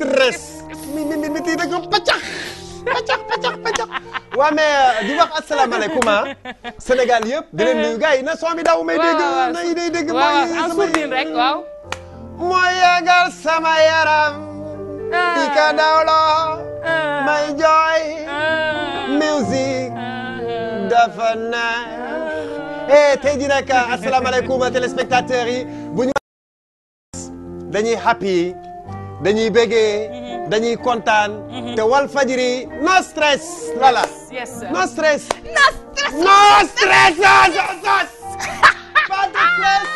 stress. mi mi mi kii dañoo pàccax pàccax pàccax pàccax. waa euh, di wax asalaamaaleykum ah. Sénégal yëpp di leen nuyu gars yi na soo mi daw may dégg. waaw waaw day dégg sama yaram. Ah. i ka dawloo. Ah. may jooy. Ah. dafa naay. Eh, tey jii nag asalaamaaleykum téléspectateurs bu ñu. dañuy bëggee. Mhm. dañuy kontaan. Mhm. te wal fajiri no stress. lala no stress. no stress no stress pas de stress.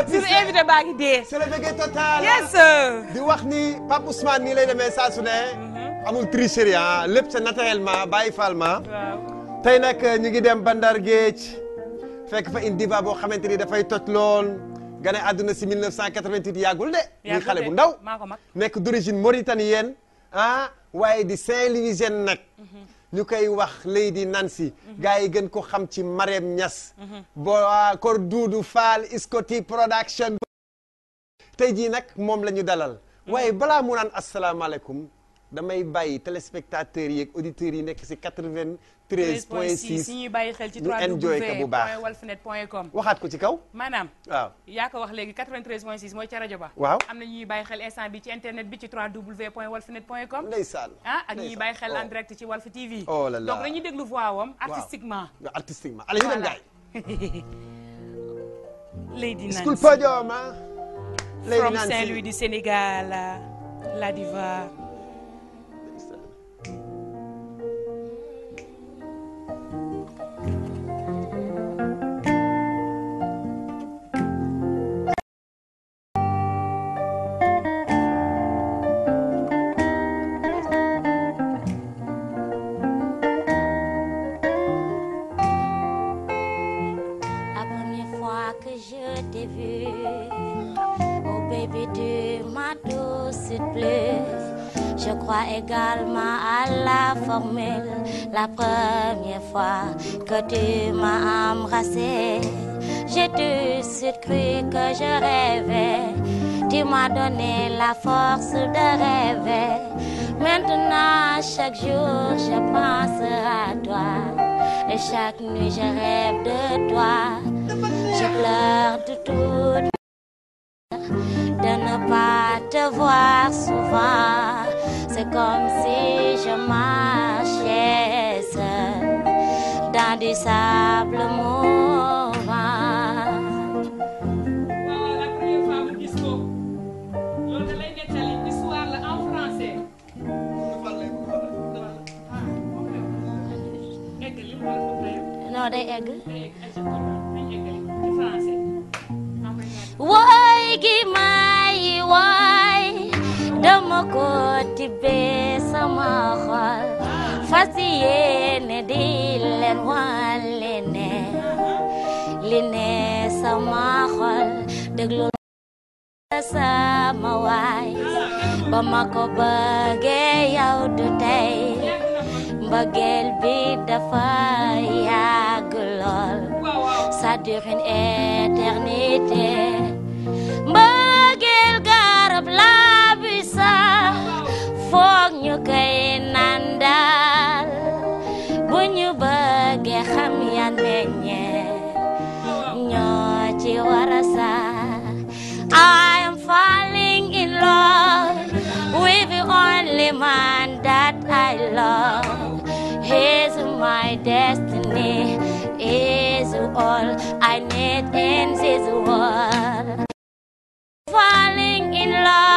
et puis suñu invité baa ngi dee. c'est le bégué total. yes sir. di wax ni Pape Ousmane nii lay demee saa su ne. Mhm. amul tricherie ah lépp c'est naturellement bàyyi faal ma. waaw tey nag euh, ñu ngi dem Bandar Géej fekk fa une diva boo xamante ni dafay toj lool. gane àdduna si mil cent 1988 yàggul de. muy xale bu ndaw nekk d'origine mauritanienne ah waaye di Saint-Louisienne nag. Mhm. ñu koy wax Lady Nancy. Mhm. gars yi gën ko xam ci Marème Niass. Mhm. bo kor ah, Doudou Fall Scotty production. tey jii nag moom la ñu dalal. waaye balaa mu naan asalaamaaleykum damay bàyyi téléspectateurs yi ak auditeurs yi nekk si 80 13 point ñuy bàyyi xel ci 3w.walfnet.com waxaat ko ci kaw maanaam yaa ko wax léegi mooy ca rajo am na ñuy bàyyi xel instant bi ci internet bi ci 3w.walfnet.com ndeysaan ah ak ñuy bàyyi xel en oh. direct ci Walf TV oh là là donc dañuy déglu voix wam artistiquement artistiquement allez dem gaay Lady Nancy school podium Lady Nancy from Saint-Louis du Sénégal la diva La première fois que tu m'as embrassé, j'ai tout de que je rêvais. Tu m'as donné la force de rêver. Maintenant, chaque jour, je pense à toi. Et chaque nuit, je rêve de toi. Je pleure de toute de ne pas te voir souvent. C'est comme si je du sable la première fois mu egg. woy gi may woy dama ko tibbee sama xol. fas yéene di leen wan li ne li ne sama xol déglu sama ba ma ko bëggee yow du tey mbëggeel bi dafa yàgg lool ça dure une éternité mbëggeel garab la bi sax the man that I love. He's my destiny, is all need in this world. Falling in love.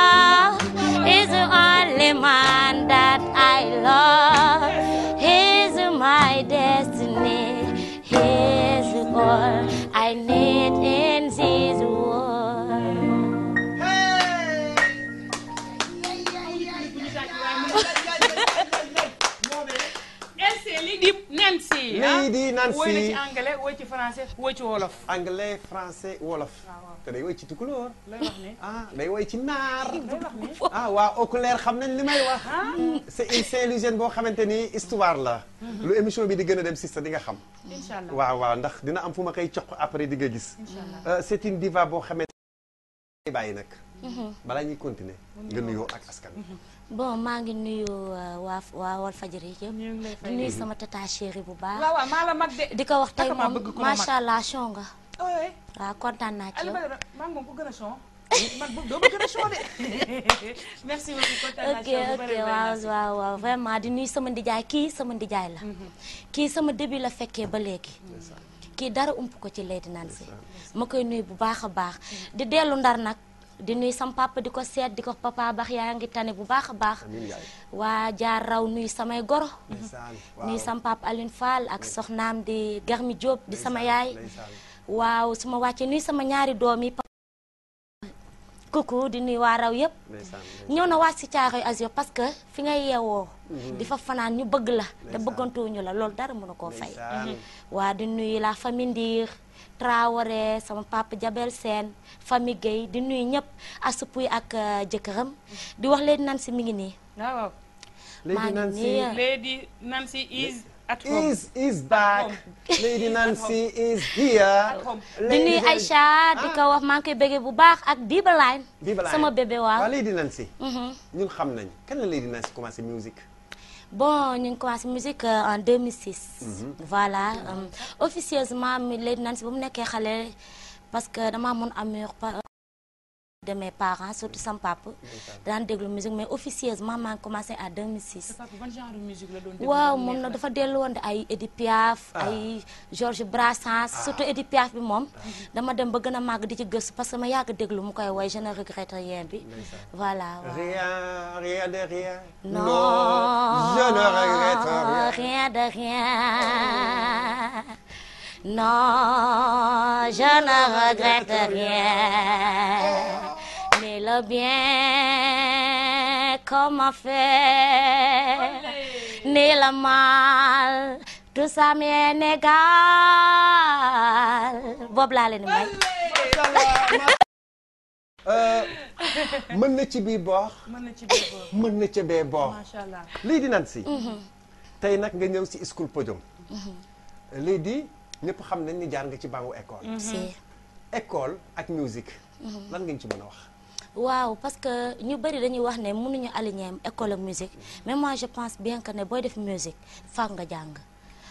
xale di naan si woy ci anglais woy ci français woy ci wolof. anglais français wolof. Ah, te day woy ci tukulóor. lay wax ni ah, day woy ci naar. ah waa xam nañ li may wax. Ah. boo xamante ni histoire la. Mhm. lu émission bi di gën a dem si sa di nga xam. incha waaw waaw ndax dina am fu ma koy jox après di nga gis. Euh, c'est une diva boo xamante ni nag. Mhm. balaa ñuy continuer nga nuyoo ak askan mhm. bon maa ngi nuyu uh, waa waa Walfadjri yi yëpp di nuyu sama tata chéri bu baax waaw waaw mag di ko wax tey moom macha allah son nga kontaan naa ci ok ok waaw waaw waaw vraiment di nuyu sama ndijaay kii sama ndijaay la mhm. kii sama début la fekkee ba léegi kii dara ump ko ci lay di naan si ma koy nuyu bu baax a baax di dellu ndar nag di nuy sam papa di ko seet di ko papa baax yaa ngi tane bu baax a baax waa jaar raw nuy samay goro nuy sam alin Aline ak soxnaam di Garmi Diop di sama yaay waaw su ma wàccee nuy sama ñaari doom yi kooku di nuyu waa raw yëpp. ñëw na waa si caaxoy Azur parce que fi nga yeewoo. Mhm. di fa fanaan ñu bëgg la. te bëggantuñu la loolu dara mënu koo fay. Mhm. waa di nuyu la famille Ndiir trawaree sama papa Jabel Sène famille Guèye di nuyu ñëpp asupuy ak euh, jëkkëram mhm. di wax leen nan si mi ngi nii. Ah, waaw léegi Nancy léegi Nancy is. at home is is back. Lady Nancy is here. di nuyu Aïcha di ko wax maa ngi bëggee bu baax ak Biba Line. sama bébé waaw waaw Lady Nancy. Mhm. ñun xam nañu kan la Lady Nancy commencé musique. bon ñu ngi commencé musique euh, en 2006. Mhm. voilà euh, officieusement mi Lady Nancy ba mu nekkee xale parce que dama amoon amur de mes parents surtout sama papa. daan déglu musique mais officieusement maa ngi à waaw moom nag dafa dellu woon ay Edith ah. ay Georges Brassens. Ah. surtout Edith bi moom. Ah. dama dem ba gën a di ci gëstu parce que ma yàgg déglu mu koy woy je ne regrette rien bi. non je ne regrette rien. le bien comme a fait, ni le mal, tout ça m'est égal. Bob laa leen may. mën ci bii boox. mën na ci bii boox mën na ci bee boox. macha allah lii di naan mhm. tey nag nga ñëw si school podium. Mhm. lii di ñëpp xam nañ ni jaar nga ci bàngu école. si école ak musique. Mhm. lan nga ñu ci mën a wax. waaw parce que ñu bëri dañuy wax ne mënuñu aligner école musique mais moi je pense bien que ne booy def musique fàww nga jàng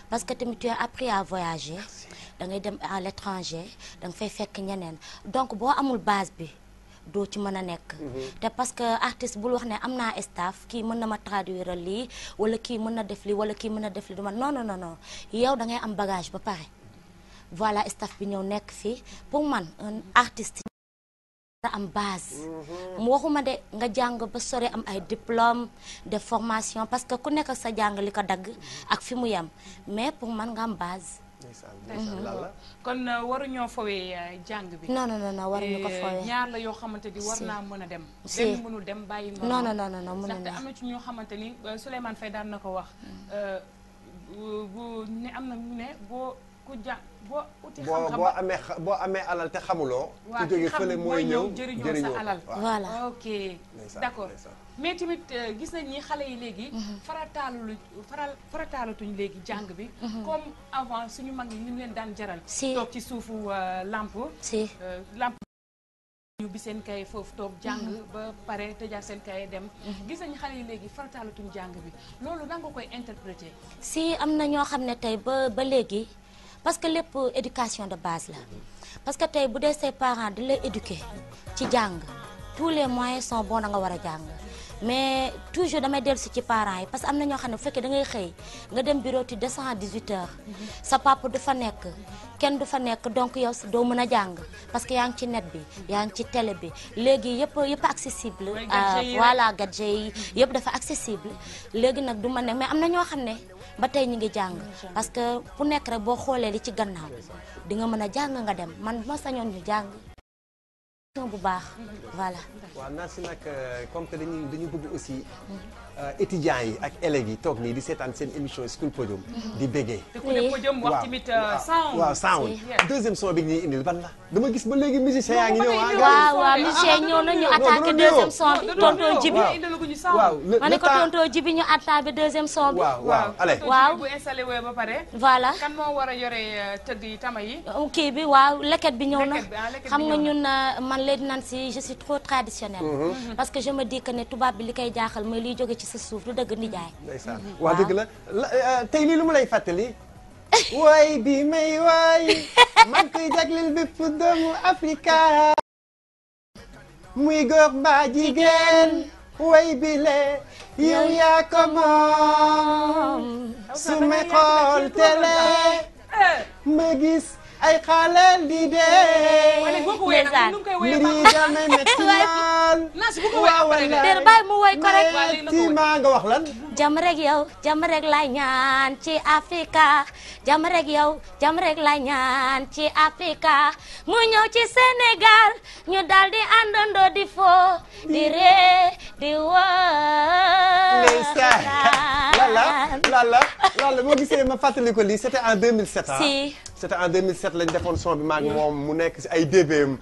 parce que tamit tu as appris à voyager da ngay dem à l'étranger da nga fay fekk ñeneen donc boo amul base bi doo ci mën a nekk. Mhm. te parce que artiste bul wax ne am naa staff kii mën na ma traduire lii wala kii mën na def lii wala kii mën na def ma non non yow da ngay am bagage ba pare voilà staff bi ñëw nekk fii pour man un artiste. am base mhm. mu waxuma de nga jàng ba sore am ay diplôme de formation parce que ku nekk ak sa jàng li ko dagg ak fi mu yem mais pour man nga am base mhm. kon euh, waruñoo fowee euh, jàng bi non non non waruñu ko euh, fowee ñaar la yoo xamante ni war naa mën a dem benn mënul dem bàyyi ma non non non non mënul am na ci ñoo xamante ni Souleymane Faye daan na ko wax mm. bu ne am na mu ne boo ku jàng boo uti xam-xam boo amee boo amee alal te xamuloo. ku jóge fële mooy ñëw jëriñoo sa alal voilà ok d'accord mais tamit euh, gis nañ ni xale yi léegi. Mhm. farataalu faral farataalatuñ léegi jàng bi. Mhm. comme avant suñu mag yi ni mu daan jaral. si ci suufu euh, lampe. si euh, lampe. ñu bi seen kay foofu toog jàng mhm. ba pare tëjaat seen kay dem gis nañu xale yi léegi farataalatuñ jàng bi loolu nan koy interpréter si am na ñoo xam ne tey ba ba léegi parce que lépp éducation de base la parce que tey bu dee ses parents di lay éduquer ci jàng tous les moyens son bons da nga war a jàng mais toujours damay dellu si ci parent yi parce que am na ñoo xam ne bu fekkee da ngay xëy nga dem bureau tu descends à 18 heures sa papa du fa nekk kenn du fa nekk donc yow doo mën a jàng parce que yaa ngi ci net bi yaa ngi ci télé bi léegi yëpp yëpp accessible euh, voilà gadget yi yëpp dafa accessible léegi nag du ma ne mais am na ñoo xam ne ba tey ñu ngi jàng parce que ku nekk rek boo xoolee li ci gannaaw di nga mën a jàng nga dem man bu ma sañoon ñu jàng bu baax voilà waaw naa si nag euh, comme que dañuy dañu bëgg aussi Euh, étudiants yi ak élèves yi toog nii di seetaan seen émission School Podium. di béggee. waaw euh, waaw sound deuxième son bi ñuy indil ban la. dama gis ba léegi musicien yaa ngi ñëw ah. waaw waaw musicien ah, ñëw na ñu attaqué deuxième son bi tonton Jibi. waaw ma ko tonton Jibi ñu attaqué deuxième son bi. waaw waaw ba pare. voilà kan moo war a yore euh, tëgg yi tama yi. kii bi waaw leket bi ñëw na. Ah, xam nga ñun man Lady Nancy je mm-hmm. parce que je me dis que tubaab bi li koy jaaxal mooy liy jóge ci sa suuf lu dëgg nijaay. ndeysaan mm-hmm. wax dëgg mu euh, lay muy góor mbaa jigéen. way bi le yow yaa su may xool télé eh. ma gis. ay xale di dee. wala bu ko wéy nag koy wéyee mbir yi naan. naas bu ko wéyee dér bàyyi rek. métti maa rek yow jàmm rek lay ñaan ci Afrika jàmm rek yow jàmm rek lay ñaan ci Afrika mu ñëw ci Sénégal ñu daal di àndandoo di fo di ree di wër. ndeysaan lala lala lala moo gisee ma fàttali ko lii c'était en 2007 ah. si. c'était en 2007 lañ defoon son bi maag moom mu nekk si ay DBM.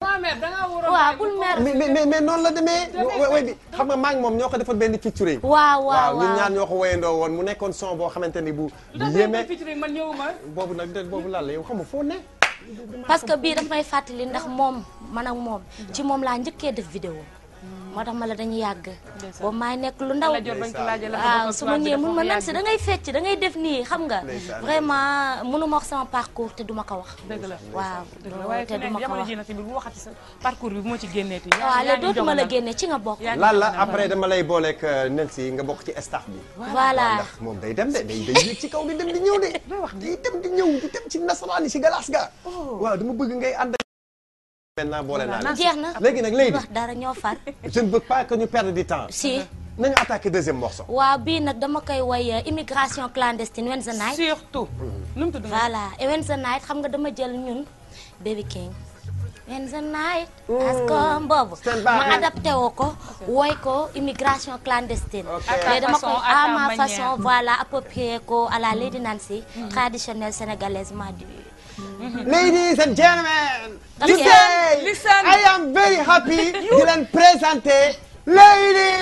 waaw bul mer mais mais noonu la demee. xam nga maa moom ñoo ko defoon benn featuring. waaw waaw ñun ñaar ñoo ko woyandoo woon mu nekkoon son boo xamante ni bu. yéeme man ñëwuma. boobu nag déet boobu lan la yow xam nga foo ne. parce que bii daf may fàttali ndax moom man ak moom. ci moom laa njëkkee def vidéo. moo tax ma la dañu yàgg boobu maay nekk lu ndaw waaw su ma ñëwee mun ma nan fecc da def nii xam nga vraiment mënuma wax sama parcours te duma ko wax waaw dootuma la génne ci nga bokk laal après dama lay booleeg euh, Nelsi nga bokk ci staff bi voilà moom day dem de day day ci kaw di dem di ñëw de day dem di ñëw di dem ci nasaraan yi ci galaas ga oh. waaw dama bëgg ngay ànd maintenant boole naa la jeex na léegi nag léegi wax dara ñoo far. je ne veux pas que ñu perde du temps. si nañu attaqué deuxième morceau. waaw bii nag dama koy woy euh, immigration clandestine Wednesday night. surtout. nu mu tudd voilà et Wednesday night xam nga dama jël ñun Baby King. Wednesday night. Mm. askan boobu ma adapté woo ko. woy ko immigration clandestine. mais dama koy à ma façon voilà approprié ko à la Lady Nancy. traditionnelle sénégalaise ma du. Mm-hmm. Ladies and gentlemen. listen listen I am very happy. di leen présenter. lady.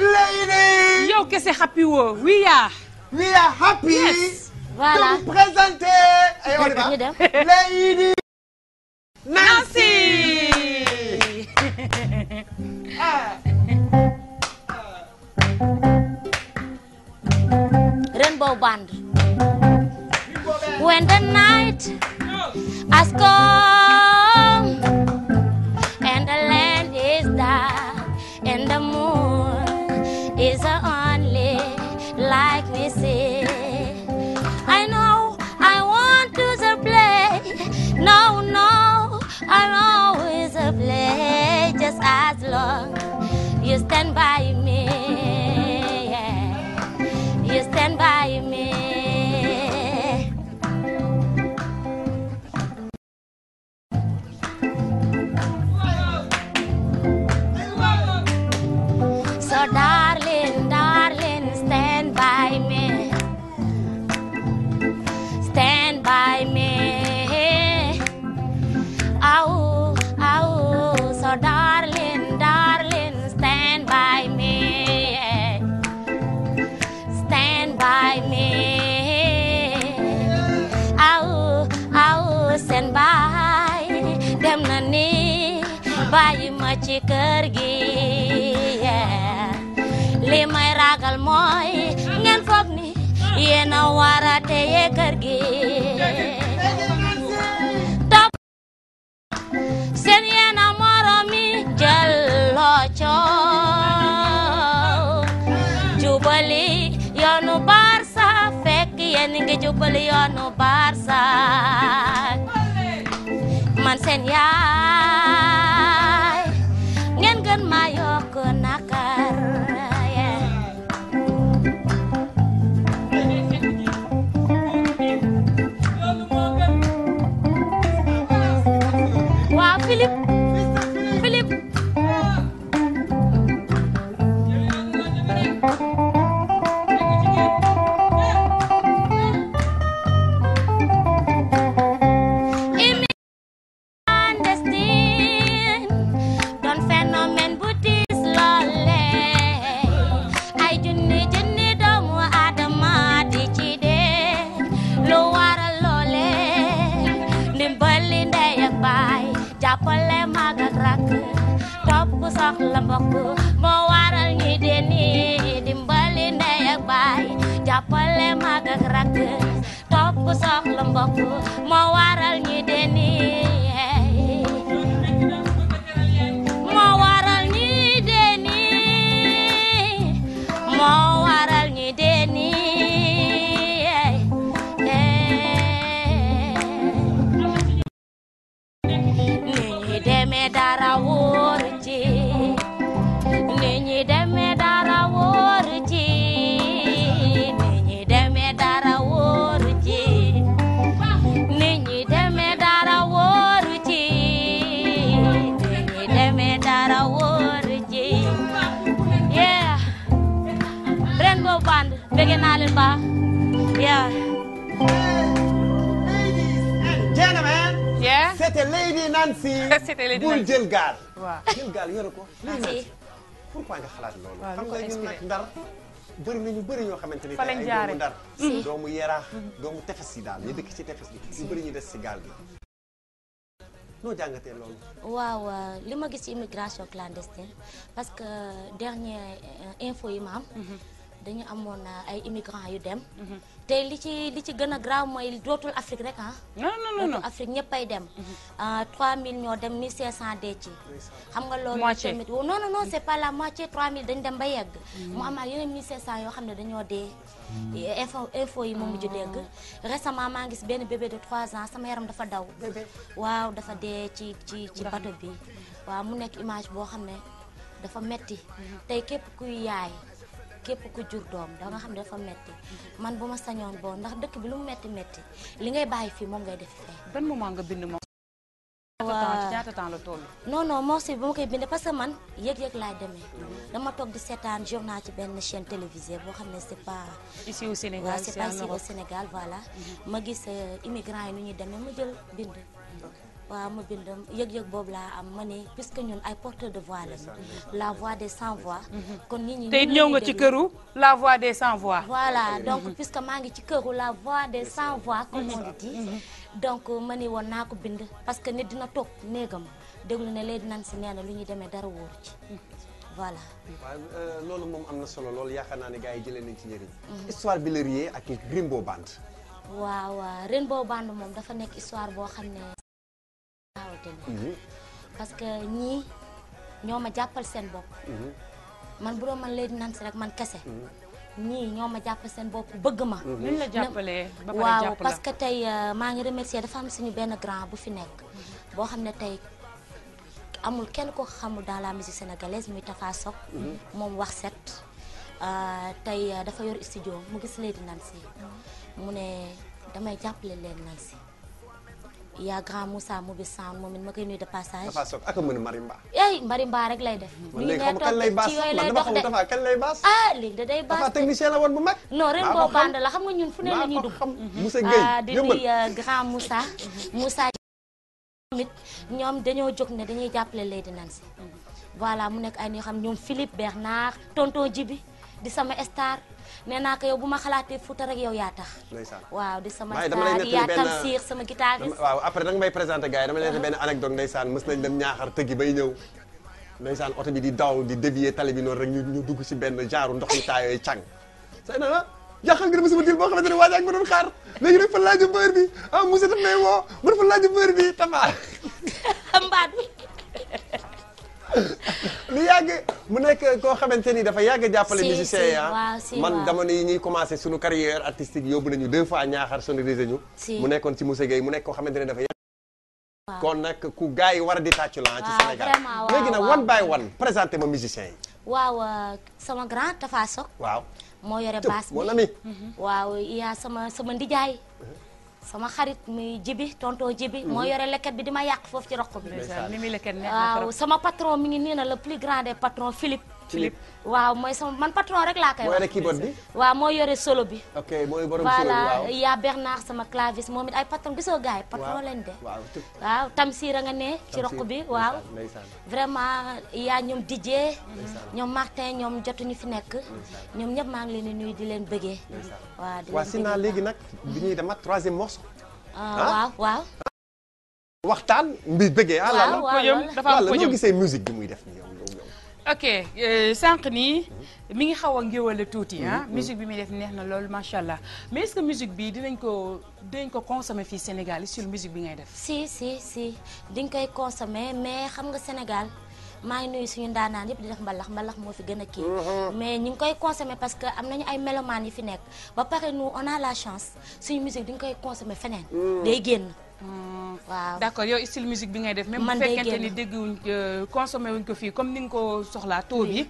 lady. yow kese happy woo. we are. we are happy. yes voilà de vous présenter. aywa li ma lady. Nancy. Ah. Rainbow Band. when night has kër gi li may ragal mooy ngeen foog ni yéen a war a téye kër gi topp seen yéen a mi jël loo coow jubali yoonu barsa fekk yéen ngi jubali yoonu barsa man seen yaa topp soxla mbokk moo waral ñi dee c'était les bul jël gaal. waaw jël gaal yore ko. merci pourquoi nga xalaat loolu. xam nga ñun nag ndar. bëri nañu bëri ñoo xamante ni ay doomu ndar. doomu yaraax mhm. tefes yi daal ñu dëkk ci tefes bi ñu bëri ñu des si gaal bi. noo jàngatee loolu. waaw li ma gis ci immigration clandestine parce que dernier euh, info yi ma am. Mhm. dañu amoon euh, ay immigrants yu dem. Mhm. te li ci li ci gën a grave mooy dootul Afrique rek ah. non non non dootul Afrique ñëppay dem. 3000 mhm. euh, ñoo dem 1500 dee ci. xam nga loolu tamit oh, non non non c' est pas la moitié 3000 dañ dem ba yegg. Mhm. mu am ak yeneen 1500 yoo xam ne dañoo dee. info info yi moom mujj dégg ah. récemment maa ngi gis benn bébé de 3 ans sama yaram dafa daw. waaw dafa dee ci ci ci bato bi. waaw mu nekk image boo xam ne dafa metti tey képp kuy yaay. képp ku jur doom da nga xam ne dafa metti man bu ma sañoon boo ndax dëkk bi lu mu metti metti li ngay bàyyi fii moom ngay def fee. ban moment nga bind moom. waaw ñaata temps la toll. non non morceau bi ba ma koy bind parce que man yëg-yëg laay demee. dama toog di seetaan journal ci benn chaîne télévisée boo xam ne c'est pas. ici au Sénégal c'est pas ici mhm. ma gis euh, immigrants yi nu ñuy demee ma jël bind. waaw ma bind yëg-yëg boobu laa am ma ne puisque ñun ay porteurs de voix lañu la voix des sans voix. kon nit ñi tey ñëw nga ci këru la voix des sans voilà donc puisque maa ngi ci këru la voix des sans voix. comme on donc ma ne woon naa ko bind parce que nit dina toog néegam déglu ne léegi nan si nee na lu ñuy demee dara wóoru ci. voilà. Euh, loolu moom am na solo loolu yaakaar naa ne gars yi jëlee nañ ci njëriñ. histoire bi la riyee ak Rainbow Band. waaw waaw Rainbow Band moom dafa nekk histoire boo xam ne. tëgg mhm. parce que ñii ñoo ma jàppal seen bopp mhm. man bu doon man Lady Nancy rek man kese mhm. ñii ñoo ma jàppal seen bopp bëgg ma ñu la jàppalee ba pare jàpp la waaw parce que tey euh, maa ngi remercier dafa am suñu benn grand bu fi nekk boo xam ne tey amul kenn ko xamul daal la musique sénégalaise muy Tafa Sok moom wax set euh, tey euh, dafa yor studio mu gis Lady Nancy mu ne damay jàppale leen Nancy yaa grand Moussa mu bi Samb moom it ma koy nuyu de passage. dafa soog ak a mën marimba. ay marimba rek lay def. man léegi xam kan lay baas lay baas. ah léegi da day baas dafa technicien la woon bu mag. non ren boo band la xam nga ñun fu ne la ñuy mu mhm. Moussa Gueye ah, di nuyu euh, grand Moussa. Moussa ñoom dañoo jóg ne dañuy jàppale Lady si mhm. voilà mu nekk ay ni xam ñoom Philippe Bernard tonton Djibi di sama star. nee naa ko yow bu ma xalaatee Fouta rek yow yaa tax waaw di sama saar yaa tamsiir sama guitariste waaw après danga may présenté gars yi dama leen benn anecdote ndeysaan mës nañ dem ñaaxar tëggi bay ñëw ndeysaan oto bi di daw di dévier tali bi noonu rek ñu dugg si benn genre ndox mi taayooy càng say na la jaaxal nga dama sama dil boo xamante ne waajaak ma doon xaar léegi nag fan laa jëm heure bi ah Moussa daf may woo man fan laa jëm heure bi tafa mbaat lu yàgg mu nekk koo xamante ni dafa yàgg jàppale musicien yi ah man jamono yi ñuy commencé suñu carrière artistique yóbbu nañu deux fois ñaaxar sonorisé ñu mu nekkoon ci Moussa Gueye mu nekk koo xamante ni dafa yàgg kon nag ku gars yi war di tàccu la ci Sénégal léegi nag one by one présenté ma musicien yi waaw euh, sama grand Tafa Sok moo yore basse bi mon ami mhm. waaw yaa sama sama ndijaay sama xarit muy jibi tonton jibi mhm. moo yore leket bi di ma yàq foofu ci roq bi waaw sama patron mi ngi nii na le plus grand des patrons Philippe waaw mooy sama man patron rek laa koy wax. mooy bi. waaw moo yore solo bi. ok mooy borom solo bi waaw voilà yaa Bernard sama clavis moom it ay patron gisoo gars yi. patron leen de. waaw waaw Tamsir a nga ne. ci roq bi waaw. vraiment yaa ñoom Didier. ñoom Martin ñoom ñu fi nekk. ñoom ñëpp maa ngi leen di nuyu di leen bëggee. waaw di naa bëggee léegi nag. bi ñuy demaat troisième morceau. Ah, ah. waaw waaw. waxtaan. mbi bëggee ah. waaw waaw dafa am ko gisee musique bi muy def nii yow. ok euh, sànq nii mi ngi xaw a ngéwale tuuti ah. Mm-hmm. musique bi muy def neex na loolu macha allah mais ce que musique bi dinañ ko dinañ ko consommer fii Sénégal sur musique bi ngay def. si si si diñ koy consommer mais xam nga Sénégal maa ngi nuyu suñu ndaanaan yëpp di def mbalax mbalax moo fi gën a kii. Mm-hmm. mais ñu ngi koy consommer parce que am nañu ay melomaan yi fi nekk ba pare nu on a la chance suñu musique diñ koy consommer feneen. Mm. day génn. Hmm, waaw d' accord yow style musique bi ngay def. même bu fekkente ni dégg wuñ euh, consommé wuñ ko fii comme ni nga ko soxlaa taux bi.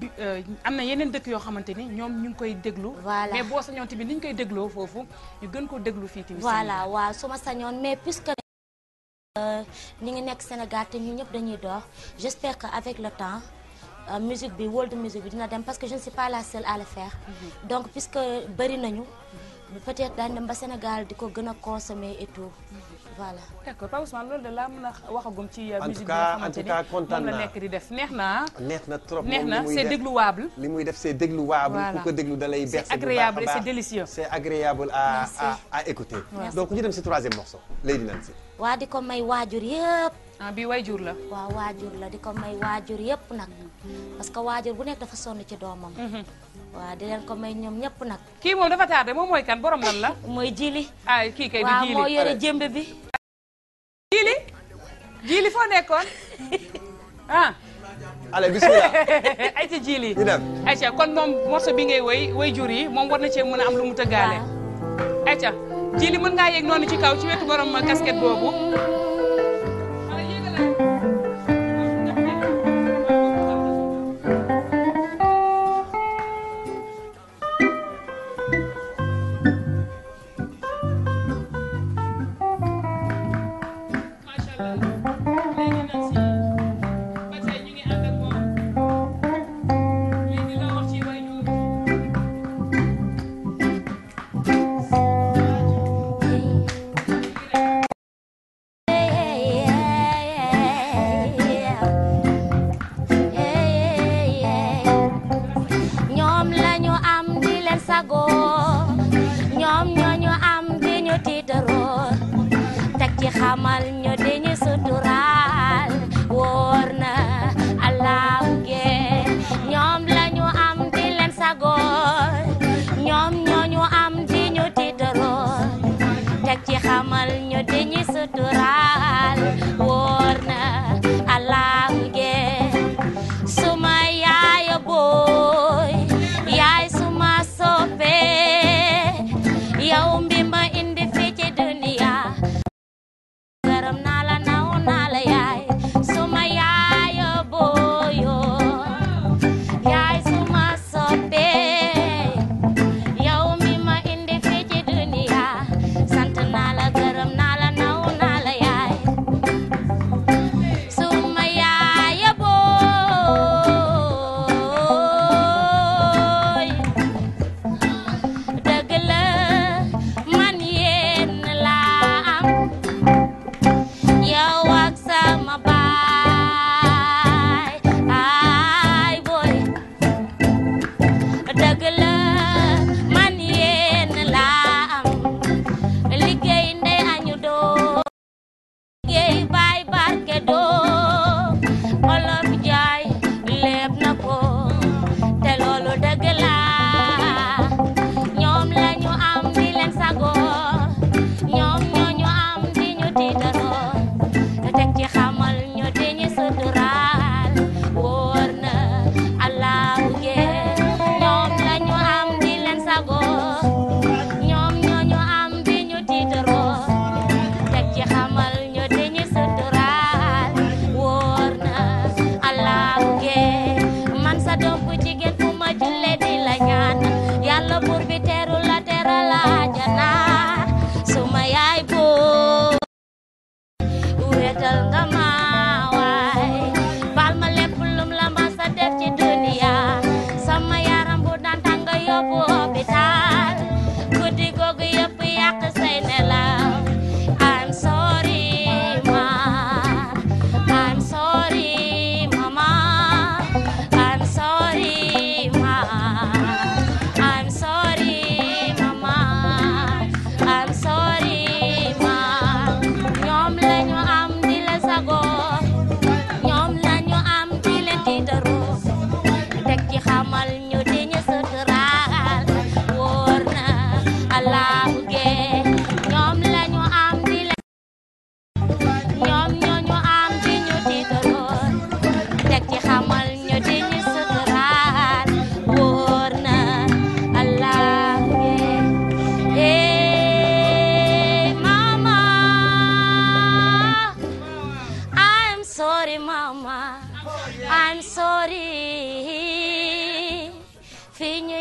bi euh, am na yeneen dëkk yoo xamante ni ñoom ñu ngi koy déglu. voilà mais boo sañoon tamit ni ñu koy dégloo foofu ñu gën ko déglu fii tamit. voilà waaw su ma sañoon mais puisque. ni euh, ngi nekk Sénégal te ñun ñëpp dañuy dox j' espère que avec le temps. Euh, musique bi world musique bi dina dem parce que je ne suis pas la seule à le faire. Mm-hmm. donc puisque bëri nañu. peut-être daañu dem ba Sénégal di ko gën a consommer et tout voilà. d'accord Pape Ousmane loolu de laa mën a waxagum ci euh, musique bi nga xamante ni en tout cas en tout cas kontaan naa moom la nekk di def neex na. Ah? neex na trop neex na c'est dégluwable. li muy def c'est dégluwable. ku ko déglu da lay berse. c'est agréable et c'est délicieux. c'est agréable à à à écouter. donc ñu dem ci troisième morceau Lady Nancy. waa di ko may waajur yëpp. Ah, bii waay jur la. waaw waajur la di ko may waajur yëpp nag. parce que waajur bu nekk dafa sonn ci doomam. Mhm. waaw di leen ko may ñoom ñëpp nag. kii moom dafa tardé moom mooy kan borom lan la. mooy jili. ay ah, kii kay di jili waaw moo yore bi. jili jili foo nekkoon ah. allez bismillah ay ci jili. ñu dem kon moom morceau bi ngay woy jur yi moom war na cee mën a am lu mu tëggaale. waaw ayca jili mën ngaa yegg noonu ci kaw ci wetu borom casquette boobu.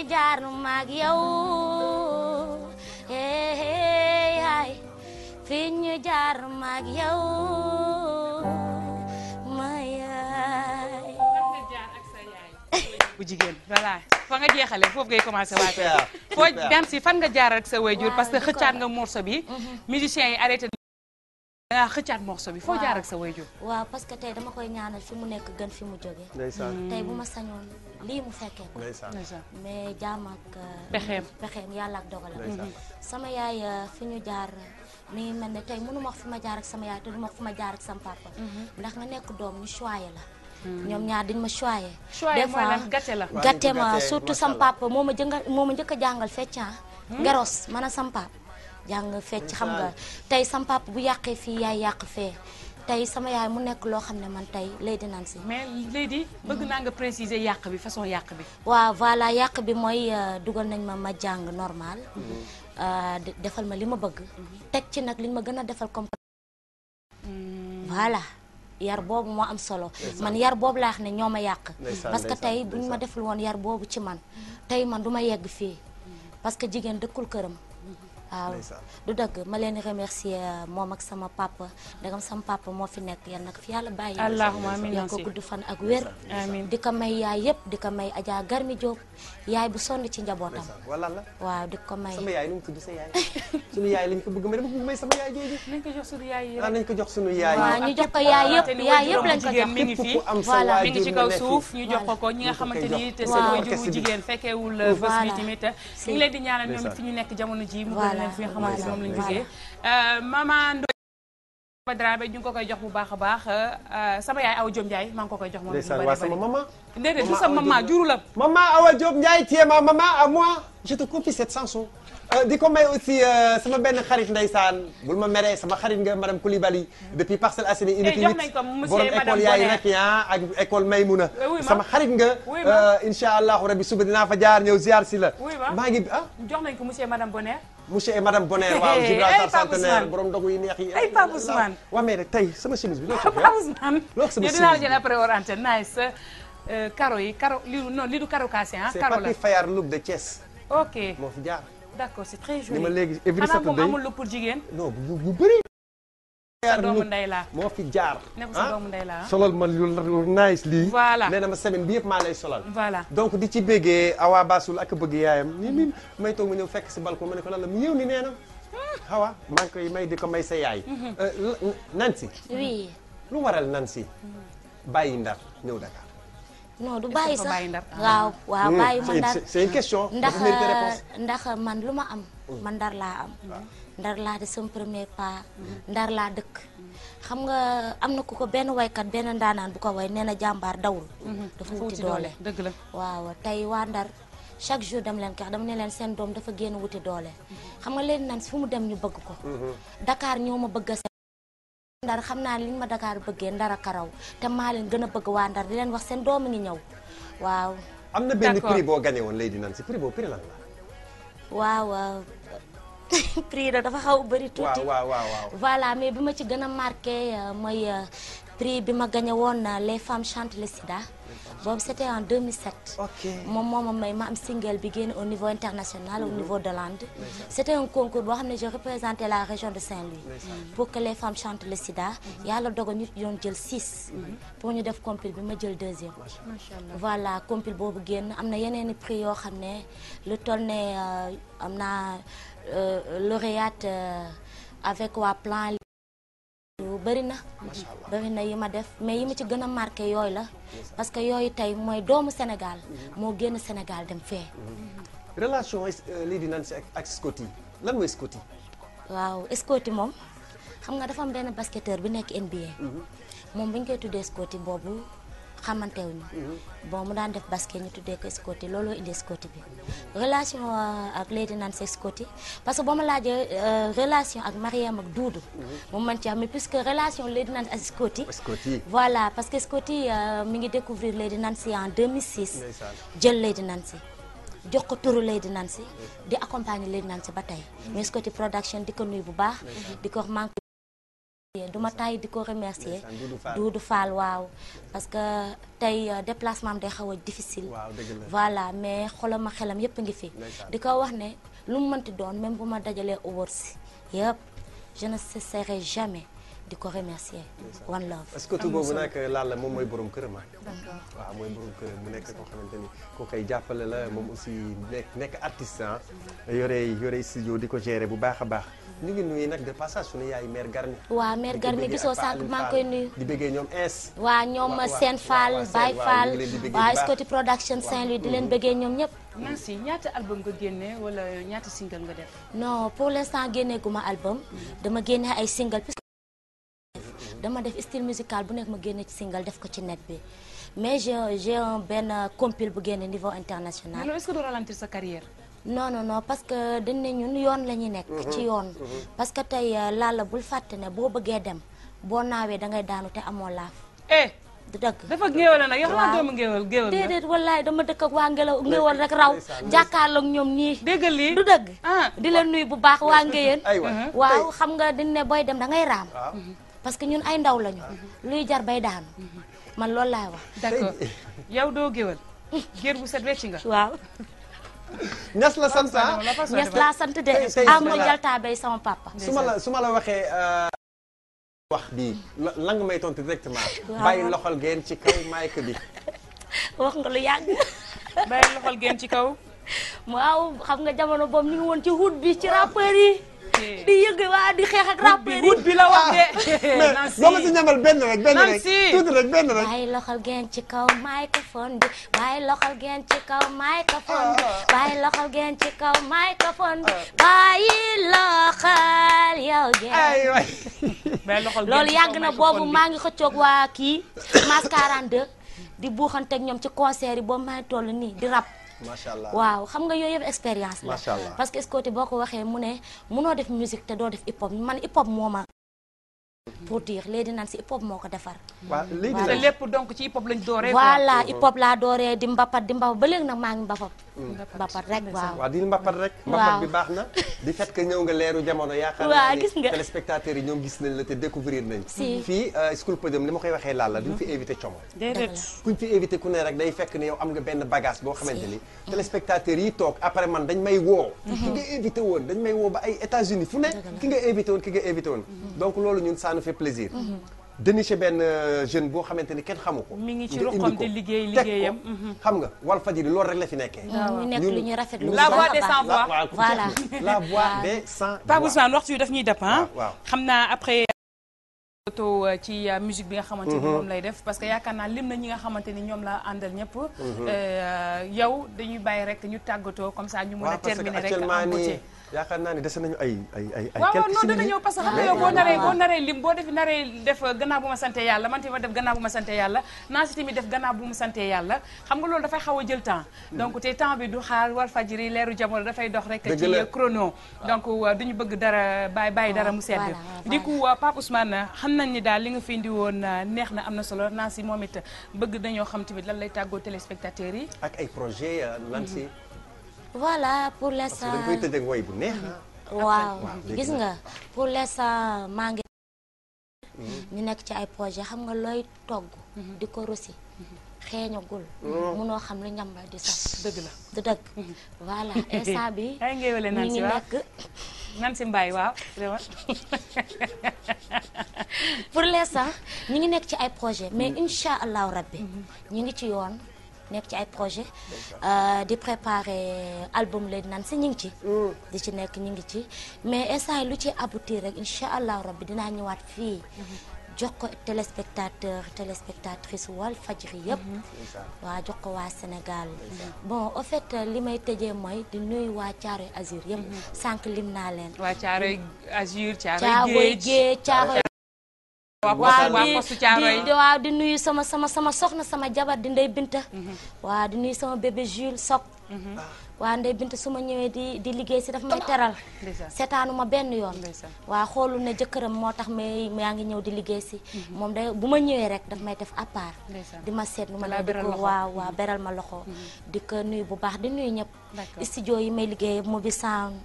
jaar nu maag yow hey fi ñu jaar nu maag yow ma yaay bu jigéen voilà fa nga jeexale foofu ngay commencé waat foo dem fan nga jaar ak sa waajur parce que xëccaat nga morceau bi mhm. musicien yi arrêté dangaa xëccaat morso bi foo jaar ak sa waajur waaw parce que tey dama koy ñaanal fi mu nekk gën fi mu jóge hmm. tey bu ma sañoon lii mu fekkee ko mais jaam ak euh, pexeem pexeem yàlla ak dogalam hmm. sama yaay euh, fi ñu jaar mi ngi mel ne tey mënuma wax fu ma jaar ak sama yaay te duma ma jaar ak hmm. ndax nga nekk doom ñu choyé la ñoom ñaar dañ ma choyé des fois gàtte la gàtte ma surtout sama papa moo ma jëngal moo ma njëkk a jàngal feccan ah. ngeros man a sama jàng fecc xam nga tey sama papa bu yàqee fii yaay yàq fee tey sama yaay mu nekk loo xam ne man tey Lady si mais Lady bëgg naa nga préciser yàq bi façon yàq bi waaw voilà yàq bi mooy euh, dugal nañ ma ma jàng normal mhm. euh, defal ma li ma bëgg mhm. teg ci nag li ma gën a defal comme hmm. voilà yar boobu moo am solo man yar boobu laa wax ne ñoo ma yàq parce que tey ñu ma deful woon yar boobu ci man tey man du ma yegg fii hmm. parce que jigéen dëkkul këram waaw du dëgg ma leen remercier euh, moom ak sama papa ndegam sama papa moo fi nekk yal nag fi yàlla bàyyi allahumma amiin yal ko gudd fan ak wér amiin di ko may yaay yëpp di ko may Adja Garmi Diop yaay bu sonn ci njabootam wala la waaw di ko may sama yaay lu mu tudd sa yaay sunu yaay lañ ko bëgg ma dama ko may sama yaay jooju nañ ko jox sunu yaay yëpp ah, nañ ko jox sunu yaay waaw ñu jox ko yaay yëpp yaay yëpp lañ ko jox mi ngi fi voilà mi ngi ci kaw suuf ñu jox ko ko ñi nga xamante ni te seen waajur bu jigéen fekkeewul euh, bés bi tamit ñu ngi leen di ñaanal ñoom it fi ñu nekk jamono ji mu élève bi nga xamante ne moom lañu liggéey euh, maman Ndoye Dramé ko koy jox bu baax a baax euh, sama yaay Awa Diop Ndiaye maa ngi ko koy jox moom ndeysaan sama maman déedéet du sa maman juru la maman Awa Diop Ndiaye tu es ma maman à moi je te confie cette chanson Euh, di ko may aussi euh, sama benn xarit ndeysaan bul ma meree sama xarit nga madame Coulibaly mm-hmm. depuis Parcelles Assainies eh, unité huit borom école yaay rek yaa ah, ak école Maymouna sama xarit nga euh, incha allah rabi suba dinaa fa jaar ñëw ziar si la maa ah jox nañ ko monsieur madame Bonheur monsieur et madame Bonheur waaw Gibraltar centenaire borom ndogu yi neex yi ay Pape Ousmane waaw mais rek tey sama chemise bi loo ci Pape Ousmane loo sama chemise dinaa la jël après hors antenne nice caro yi caro li non li du caro cassé ah caro la c'est Papi Fayar Loub de Thiès ok moo d'accord c'est très joli ma léegi every Saturday jigéen. non bu sa doomu ndey laa moo fi jaar. ne ko ah, ah? ma lu ma semaine bi yëpp lay solal. voilà donc di ci béggee Awa Basul ak bëgg yaayam. ni ni may toog mu ñëw fekk si balcon ma ne ko lan la mu ñëw ni nee na. xawa hmm. maa ngi koy may di ko may sa yaay. Mhm. Euh, Nancy. oui. lu waral Nancy. Mhm. bàyyi ndar ñëw Dakar. non du bàyyi sax waaw ah. waaw hmm. bàyyi ma ndar c'est une question ndax euh, ndax man lu ma am hmm. man ndar laa am hmm. ndar laa di sama premier pas ndar laa dëkk xam nga am na ku ko benn waykat benn ndaanaan bu ko way nee na jàmbaar dawul dafa wuti doole dëgg la waaw tey waa ndar chaque jour dem leen kax dama ne leen seen doom dafa génn wuti doole xam nga leen naan fu mu dem ñu bëgg ko Dakar ñoo ma bëgg ndar xam naa liñ ma Dakar bëggee ndara karaw te maa leen gën a bëgg waa ndar di leen wax seen doomu ngi ñëw waaw. am na benn prix boo gagné woon lay di naan si prix boobu prix lan la. waaw waaw prix da dafa xaw a bëri tuuti. waaw waaw waaw voilà mais bi ma ci gën a marqué euh, mooy euh, prix bi ma gagné woon euh, les femmes chantent le sida boobu c'était en 2007 moom moo ma may ma am single bi génn au niveau international au mhm. niveau de l'Inde c'était concours boo xam ne je représentais la région de Saint-Louis mhm. pour que les femmes chantent le sida mhm. yàlla dogo ñu doon jël 6 pour ñu def compil bi ma jël deuxième voilà compil boobu génn am na yeneen i prix yoo xam ne lu toll ne euh, am na euh, lauréate avec waa plan bëri na bëri na yi ma def mais yi ma ci gën a marqué yooyu la parce que yooyu tey mooy doomu Sénégal moo génn Sénégal dem fee mm-hmm. relation euh, lii di nan si ak Scotty lan mooy Scotty waaw Scotty moom xam nga dafa am benn basketteur bi nekk NBA mm-hmm. moom bu ñu koy tuddee Scotty boobu xamantewuñu mm-hmm. bon mu daan def basket ñu tuddee ko Scotty looloo indi Scotty bi relation euh, ak Lady Nan c'est parce que boo ma laajee euh, relation ak Mariam ak Doudou moom mm-hmm. man ci xam mais puisque relation Lady Nan ak Scotty voilà parce que Scotty euh, mi ngi découvrir Lady Nan si en 2006 jël Lady Nan si jox ko turu Lady Nancy di accompagner Lady Nancy ba tey ñu Scotty production di ko nuyu bu baax di ko wax duma tàyyi di ko remercier Doudou Fall waaw parce que tey euh, déplacement am day xaw a difficile voilà mais xolam a xelam yépp ngi fi di ko wax ne lu mu mënti doon même bu ma dajalee award si yépp je ne cesserai jamais di ko remercier one love est que tu boobu nag Lalla mooy borom kër ah? waaw mooy borom këram mu nekk koo xamante ni koo koy jàppale la moom aussi nekk nekk artiste ah. mm-hmm. yore yore studio di ko gérer bu baax a baax ñu ngi nuyu nag de passage suñu yaay mère Garmi. waaw mère Garmi gisoo sànq maa koy nuyu. di bëggee ñoom ins waa ñoom Sène Fall Baye Fall waa Scotty production Saint-Louis di leen bëggee ñoom ñëpp. Nancy ñaata album nga génne wala ñaata single nga def. non pour l'instant génne gu ma album dama génne ay single. dama def style bu nekk ma génne ci single def ko ci net bi mais j'ai j'ai benn compil bu génne niveau international. mais loolu est non non non parce que dañ ne ñun yoon la ñuy nekk. ci mhm. yoon. Mhm. parce que tey euh, laala bul fàtte ne boo bëggee dem boo naawee da ngay daanu te amoon laa eh du dëgg dafa ngéwale nag yow xanaa doomu ngéwal ngéwal déedéet dëkk ngelaw ngéwal rek raw jàkkaarloog ñoom nii. déggal lii du dëgg. Ah. di la nuyu bu baax waa ngéyeen mhm. waaw xam nga dañ ne booy dem da ngay raam. parce que ñun ay ndaw lañu. luy jar bay daanu. man loolu laay wax. d'accord yow doo géwal géer bu set wecc nga waaw. ñas la sant ah ñas laa sant de am ma jaltaa bay sama papa su ma la su ma la waxee euh, wax bi la may tontu directement bàyyi loxol geen ci kaw mike bi wax nga lu yàgg bàyyi loxol geen ci kaw waaw xam nga jamono boobu ñu ngi woon ci hut bi ci rappeur di yëg waa di xeex ak rappeur yi wut bi la wax de. Ah. mais si ñamal benn rek benn rek tuuti rek benn rek. waaye loxol ngeen ci kaw microphone bi waaye loxol ngeen ci kaw microphone bi waaye ah. loxol ngeen ah. loxol yow ngeen. loolu yàgg na boobu maa ngi xëccoog waa kii Mass 42 di buuxanteeg ñoom ci concert yi boobu maa ngi toll nii di rap. macha allah waaw xam nga yooyu yëpp expérience la. parce que côté boo ko waxee mu ne munoo def musique te doo def hip hop man hip hop moo pour dire léegi naan si hip hop moo ko defar. waaw léegi nag lépp donc ci hip hop lañ dooree. voilà hip hop di mbapat di mbapat ba léegi nag maa ngi mbapat. mbapat rek waaw waaw di mbapat rek. waaw bi baax na. di fait que ñëw nga leeru jamono yaakaar naa ne téléspectateurs yi ñoom gis nañ la te découvrir nañ. si fii euh, School Podium li ma koy waxee laal la duñ fi invité como. déedéet kuñ fi invité ku ne rek day fekk ne yow am nga benn bagage boo xamante ni. téléspectateurs yi toog après man dañ may woo. Mm-hmm. ki nga invité woon may woo ba ay États-Unis fu ne ki nga invité woon ki nga nous fait plaisir. dénicher benn euh, jeune boo xamante ni kenn xamu ko. mi ngi ci ruqam di liggéey liggéeyam mm-hmm. xam nga wal fajiri loolu rek la fi nekkee. Ah, ñu nekk ñu rafetlu la voix des sans voix voilà la voix des sans voix. Pape Ousmane waxtu yu daf ñuy dépend. waaw xam naa après. Euh, to euh, ci musique bi nga xamante ni mm-hmm. moom lay def parce que yaakaar naa lim na ñi nga xamante ni ñoom la àndal ñëpp mm-hmm. yow dañuy bàyyi rek ñu tàggatoo comme ça ñu mën a terminer rek yaakaar naa ne dese nañu ay ay ay waaw non dana ñëw parce que xam nga yow boo naree boo naree lim boo def naree def gannaaw bu ma sante yàlla man tamit ma def gannaaw bu ma sante yàlla naa si tamit def gannaaw bu mu sante xam nga loolu dafay xaw a jël temps hmm. donc te temps bi du xaar wal fajiri leeru jamono dafay dox rek ci chrono donc euh, dañu bëgg dara bàyyi bàyyi dara mu sedd ko ku euh, Pape Ousmane xam nañ ni daal li nga fi indi woon euh, neex na am na solo naa si moom it bëgg dañoo xam tamit lan lay tàggoo téléspectateurs yi ay projet lan si voilà pour l'instant parce bu neex waaw nga pour l'instant maa ngi hmm. ñu nekk ci ay projet xam nga looy togg hmm. di ko rosi hmm. xeeñagul munoo xam lu ñam la di sax dëgg la dëgg voilà instant bi ñu ngi nekk nan si mbaay waaw pour l'instant ñu ngi nekk ci ay projet mais insha rabbi ñu ngi ci yoon nekk ci ay projet euh, di préparer album Lady Nancy ñu ngi ci hmm. di ci nekk ñu ngi ci mais instant lu ci aboutir rek incha allah rabbi dinaa ñëwaat fii hmm. jox ko téléspectateur téléspectatrice Walfadjri yëpp hmm. waa jox ko waa Sénégal bon au fait euh, li may tëjee mooy di nuyu waa Caaroy Azur yëpp sànq lim naa leen waa Caaroy Azur Caaroy waaw di di waaw di nuyu sama sama sama soxna sama jabar di ndey binta mm-hmm. waaw di nuyu sama bébé Jules Sock mm-hmm. waa ndey bint su ma ñëwee di di liggéey si daf may teral seetaanu ma benn yoon waa xoolu ne jëkkëram moo tax may yaa ngi ñëw di liggéey si mm-hmm. moom day bu ma ñëwee rek daf may def à part di ma seet nu ma ne di ko waaw waaw beral ma loxo di ko nuyu bu baax di nuyu ñëpp studio yi may liggéey Mobi Sound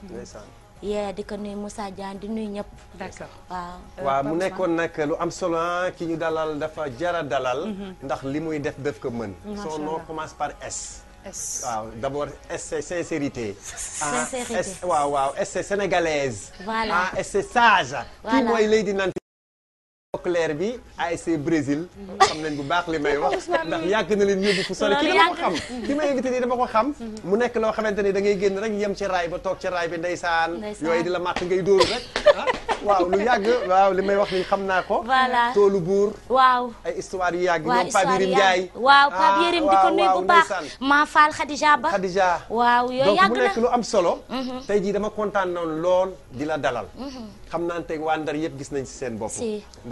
yee di ko nuy Moussa Diagne di nuy ñëpp. d'accord waaw. Euh, waaw mu nekkoon nag lu am solo ah, ki ñu dalal dafa jara dalal. Mhm. ndax li muy def def ko mën. Mhm. son nom commence par S. S waaw d' abord S c'est sincérité. sincérité ah S waaw waaw S c'est sénégalaise. voilà ah S c'est sage. voilà kii clair bi ASC Brésil mhm. xam nañ bu baax li may wax ndax yàgg na leen yóbbu fu sori ki dama ko xam ki ma invité nii xam mhm. mu nekk loo xamante ni da génn rek yem ci raay ba toog ci raay bi ndeysaan di la màq ngay dóoru rek ah, yàgg waaw li may wax ni xam naa ko voilà toolu buur waaw ay yu yàgg ñoom Pape ah, di ko nuyu bu baax maa faal Khadija Ba Khadija waaw yooyu yàgg lu am solo mhm. tey jii dama kontaan noonu lool di la dalal xam naa tey waa Ndar yëpp gis nañ si seen bopp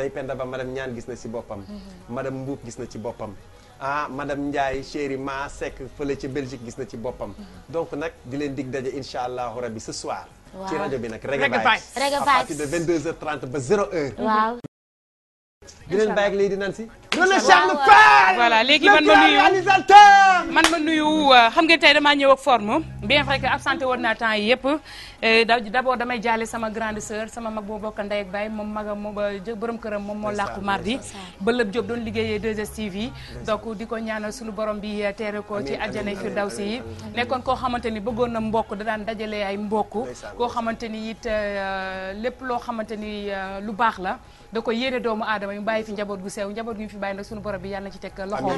Ndey Penda ba madame Ñaan gis na ci boppam madame Mbuub gis na ci boppam ah madame Ndiaye chéri ma Seck fële ci Belgique gis na ci boppam donc nag di leen dig daje insha allahu rabbi ce ci rajo bi nag Reggae Vibes à partir de 22h30 ba 0h di leen bàyyi ak léegi si. incha allah léegi man ma nuyu man ma nuyu euh, xam nga tey damaa ñëw ak forme bien vrai que absenté woon naa temps yi yëpp. Euh, d'abord damay jaale sama grande sœur sama mag boo bokk ndey ak baay moom magam moom euh, këram moom moo làqu mardi. ba lëb Diop doon liggéeyee 2STV yi. donc di ko ñaanal sunu borom bi teere ko ci àjjana firdawsi yi. nekkoon koo xamante ni bëggoon na mbokk da daan dajale ay mbokk. koo xamante ni it lépp loo xamante ni lu baax la. da ko yéene doomu aadama yu bàyyi fi njaboot gu sew njaboot gu ñu fi bàyyi nag suñu borom bi yàlla na ci teg loxo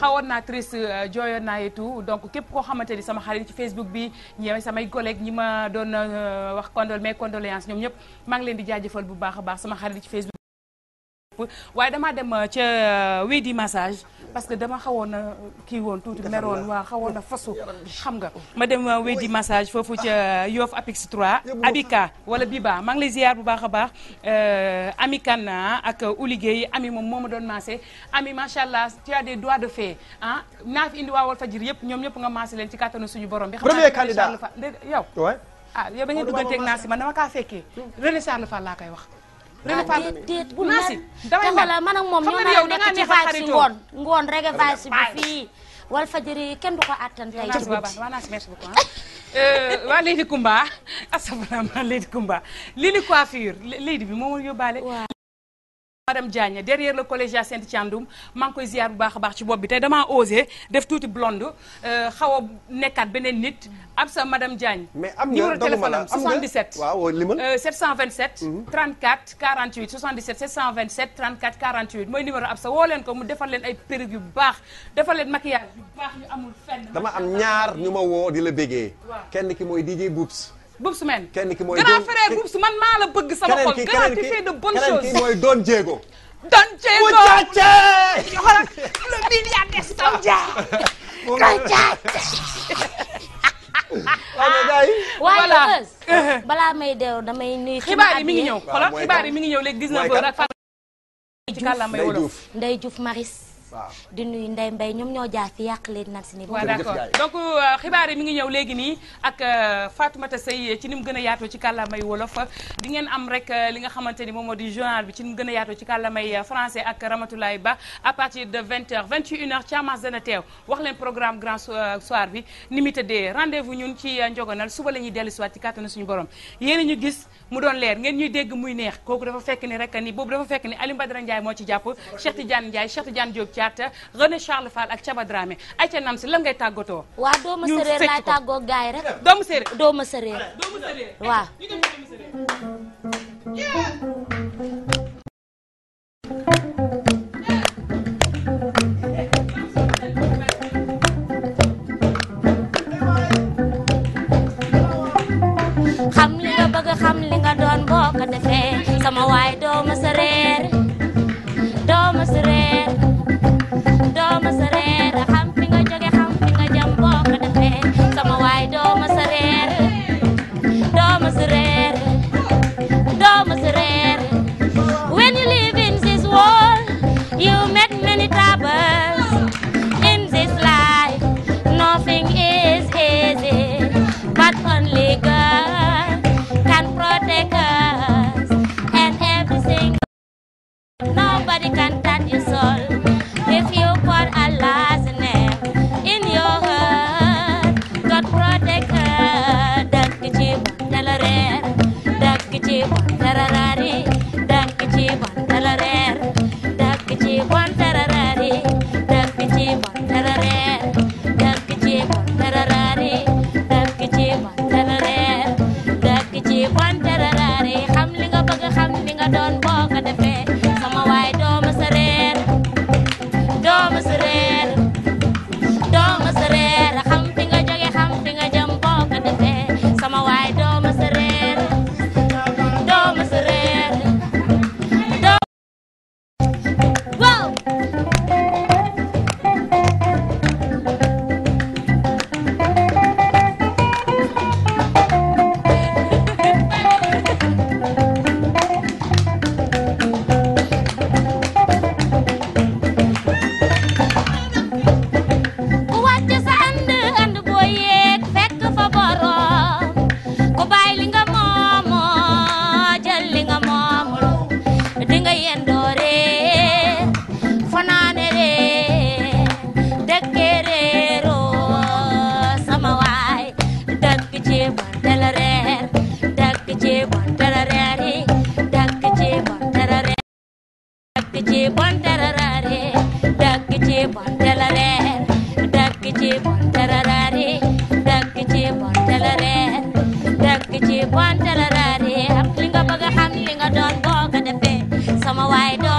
xawoon naa triste euh, jooyoon naa et tout donc képp koo xamante ni sama xarit ci Facebook bi ñi samay collègue ñi ma doon euh, wax condol mes condoléances ñoom ñëpp maa leen di jaajëfal bu baax a baax sama xarit ci Facebook waaye damaa dem euh, ca euh, wii di massage parce que dama xawoon a kii woon tuuti meroon waa xawoon a fasu xam nga ma dem euh, wii di massage foofu ca Yoff Apix 3 Abika wala Biba maa ngi lay ziar bu baax a baax Ami Kana ak Ouligé Ami moom moo ma doon massé Ami macha allah tu as des doigts de fée ah naa fi indi waa Walfadjri yëpp ñoom ñëpp nga massé leen ci kattanu suñu borom bi. premier candidat yow. ah ba nga dugganteeg naa si man dama kaa fekkee René Charles Fall laa koy wax. Renu Fall déet bu na si a mel la man ak moom ñoo mën a nekk si ngoon ngoon rek vibe si bi fii wal fajiri kenn du ko attan tey ci guddi waa naas merci beaucoup ah. euh, waa Lady Kumba asalaamaaleykum Lady Kumba lii di coiffure Lady bi moo ma yóbbaale madame Diagne derrière le collège Saint Thiandoum maa ngi koy ziar bu baax a baax ci bopp bi te damaa osé def tuuti blonde euh, xaw nekkaat beneen nit ab sa madame Diagne. mais am nga doguma la am nga numéro téléphone am 77. waaw limal 727. 34 48 77 727 34 48 mooy numéro ab sa woo leen ko mu defal leen ay perruque bu baax defal leen maquillage yu baax yu amul fenn. dama am ñaar ñu ma woo di la bégee. kenn ki mooy DJ Boubs. Boubs men kenn ki mooy grand frère Boubs maa la bëgg sama xol. keneen ki keneen ki keneen ki mooy Don Diego. Don Diego muchacha. xoolal le milliardaire saoudien. Ah, Don uh-huh. may deew damay nuyu. xibaar yi mi ngi ñëw xoolal xibaar yi mi ngi ñëw léegi 19h ak fan. di nuyu Ndeye Mbaye ñoom ñoo jaar fi yàq leen nag si ni waaw d'accord donc euh, xibaar yi mi ngi euh, ci ni mu gën yaatoo ci kàllaamay wolof di ngeen am rek euh, li nga xamante ni moom moo di journal bi ci kàllaamay français ak Ramatoulaye Ba à partir de 20h 21h Thiamas teew wax leen programme grand soir bi ni mu tëddee rendez ñun ci Njogonal suba la ñuy dellu ci kàttanu suñu borom yéen ñu gis mu doon leer ngeen ñuy dégg muy neex kooku dafa fekk ni Diatta René Charles Fall ak Thiaba tàggatoo. waa doomu séréer laay tàggoo xam li nga bëgg xam li nga doon boo ko defee sama waay doomu séréer American that you sold. ci bontararare dagg ci bontalare dagg ci bontararare dagg ci bontalare dagg ci bontararare li nga bëgg a xam li nga doon boo ko defee sama waay